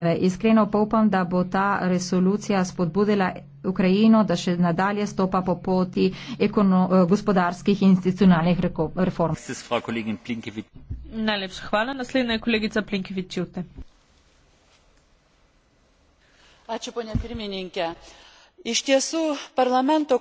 E, iskreno pa upam, da bo ta resolucija spodbudila Ukrajino, da še nadalje stopa po poti ekono, e, gospodarskih in institucionalnih reform. Najlepša hvala. Naslednja je kolegica Plinkevič. Ačiū, ponia pirmininkė. Iš tiesų, parlamento